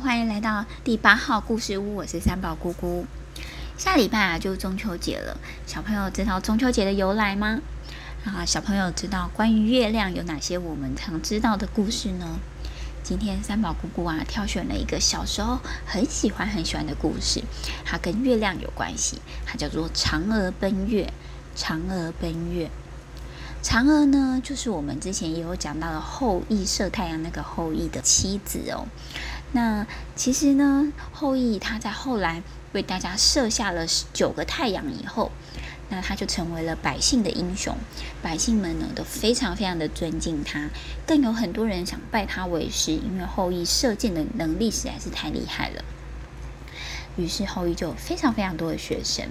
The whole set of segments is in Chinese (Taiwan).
歡迎來到第八號故事屋，我是三寶姑姑。下禮拜啊，就中秋節了。小朋友知道中秋節的由來嗎？啊，小朋友知道關於月亮有哪些我們常知道的故事呢？今天三寶姑姑啊，挑選了一個小時候很喜歡很喜歡的故事，它跟月亮有關係，它叫做《嫦娥奔月》。嫦娥奔月，嫦娥呢，就是我們之前也有講到的后羿射太陽那個後羿的妻子哦。那其實呢，後羿他在後來為大家射下了九個太陽以後，那他就成為了百姓的英雄，百姓們呢都非常非常的尊敬他，更有很多人想拜他為師，因為后羿射箭的能力實在是太厲害了。於是後羿就有非常非常多的學生。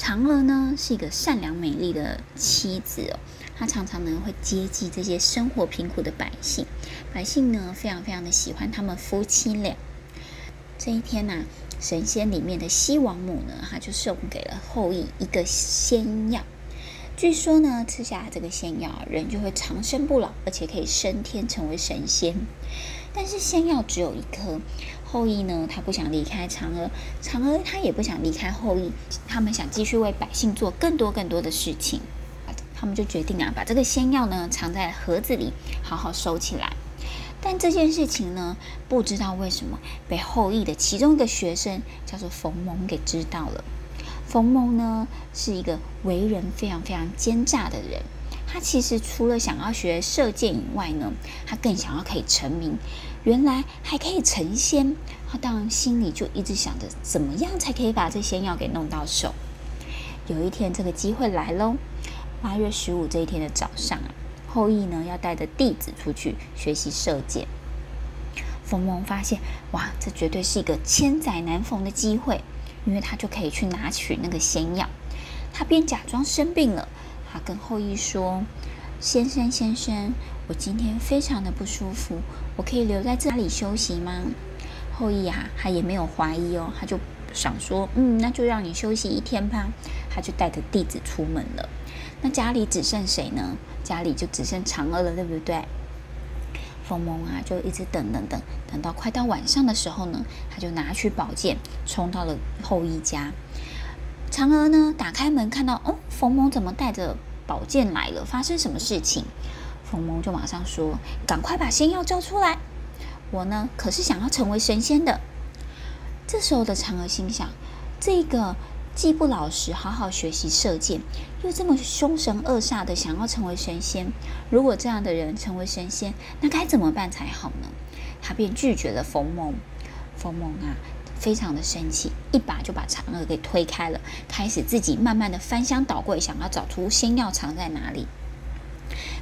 嫦娥呢是一個善良美麗的妻子哦，她常常呢會接濟這些生活貧苦的百姓，百姓呢非常非常的喜歡他們夫妻倆。這一天吶、啊，神仙裡面的西王母呢，她就送給了後羿一個仙藥。據說呢，吃下這個仙藥，人就會長生不老，而且可以升天成為神仙。但是仙藥只有一顆，後羿呢，他不想離開嫦娥，嫦娥她也不想離開后羿，他們想繼續為百姓做更多更多的事情。他們就決定啊，把這個仙藥呢，藏在盒子裡，好好收起來。但這件事情呢，不知道為什麼，被后羿的其中一個學生，叫做馮蒙給知道了。逢蒙呢，是一個為人非常非常奸詐的人。他其實除了想要學射箭以外呢，他更想要可以成名，原來還可以成仙。他當然心裡就一直想着，怎麼樣才可以把這仙藥給弄到手。有一天，這個機會來嘍。八月十五這一天的早上啊，後羿呢要帶着弟子出去學習射箭。逢蒙發現，哇，這絕對是一個千載難逢的機會。因為他就可以去拿取那個仙藥，他便假裝生病了。他跟后羿說：“先生，先生，我今天非常的不舒服，我可以留在家裡休息嗎？”后羿呀、啊，他也沒有懷疑哦，他就想說：“嗯，那就讓你休息一天吧。”他就帶着弟子出門了。那家裡只剩誰呢？家裡就只剩嫦娥了，對不對？逢蒙啊，就一直等等等，等到快到晚上的時候呢，他就拿去寶劍，衝到了後羿家。嫦娥呢，打開門看到，哦，逢蒙怎麼帶着寶劍來了？發生什麼事情？逢蒙就馬上說：“趕快把仙藥交出來，我呢可是想要成為神仙的。”這時候的嫦娥心想：“這個。”既不老實好好學習射箭，又這麼兇神惡煞的想要成為神仙。如果這樣的人成為神仙，那該怎麼辦才好呢？他便拒絕了逢蒙。逢蒙啊，非常的生氣，一把就把嫦娥給推開了，開始自己慢慢的翻箱倒櫃，想要找出仙藥藏在哪裡。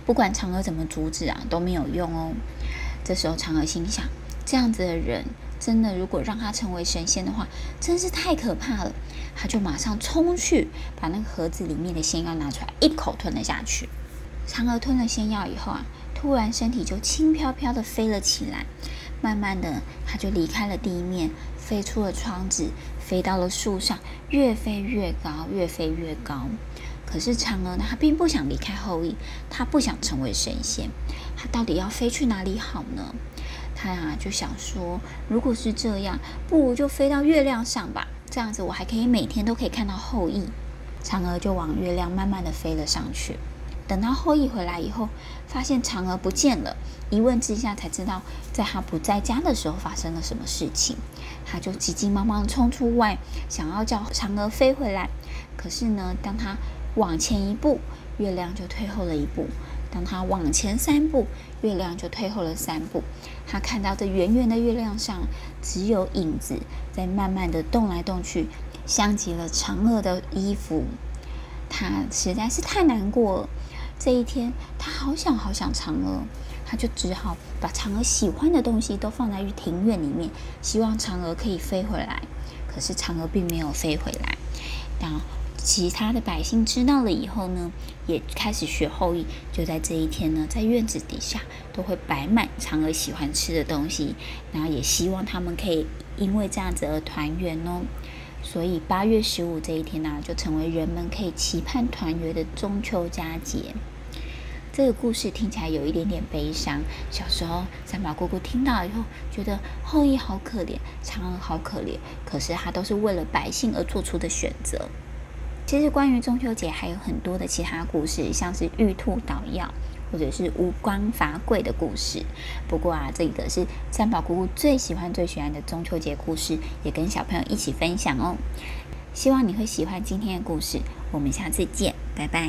不管嫦娥怎麼阻止啊，都沒有用哦。這時候嫦娥心想：這樣子的人，真的如果讓他成為神仙的話，真是太可怕了。他就馬上衝去，把那個盒子裡面的仙藥拿出來，一口吞了下去。嫦娥吞了仙藥以後啊，突然身體就輕飄飄的飛了起來。慢慢的，他就離開了地面，飛出了窗子，飛到了樹上，越飛越高，越飛越高。可是嫦娥呢，她並不想離開后羿，她不想成為神仙，她到底要飛去哪裡好呢？他啊就想說，如果是這樣，不如就飛到月亮上吧。這樣子，我還可以每天都可以看到后羿，嫦娥就往月亮慢慢的飛了上去。等到后羿回來以後，發現嫦娥不見了，一問之下才知道，在他不在家的時候發生了什麼事情。他就急急忙忙的衝出外，想要叫嫦娥飛回來。可是呢，當他往前一步，月亮就退後了一步；當他往前三步，月亮就退後了三步。他看到這圓圓的月亮上只有影子在慢慢的動來動去，像極了嫦娥的衣服。他實在是太難過了。這一天，他好想好想嫦娥，他就只好把嫦娥喜歡的東西都放在庭院裡面，希望嫦娥可以飛回來。可是嫦娥並沒有飛回來。那其他的百姓知道了以後呢，也開始學后羿。就在這一天呢，在院子底下都會擺滿嫦娥喜歡吃的東西，然後也希望他們可以因為這樣子而團圓哦。所以八月十五這一天呢、啊，就成為人們可以期盼團圓的中秋佳節。這個故事聽起來有一點點悲傷。小時候三寶姑姑聽到了以後，覺得后羿好可憐，嫦娥好可憐，可是他都是為了百姓而做出的選擇。其實關於中秋節還有很多的其他故事，像是玉兔搗藥，或者是吳剛伐桂的故事。不過啊，這個是三寶菇菇最喜歡、最喜愛的中秋節故事，也跟小朋友一起分享哦。希望你會喜歡今天的故事，我們下次見，拜拜。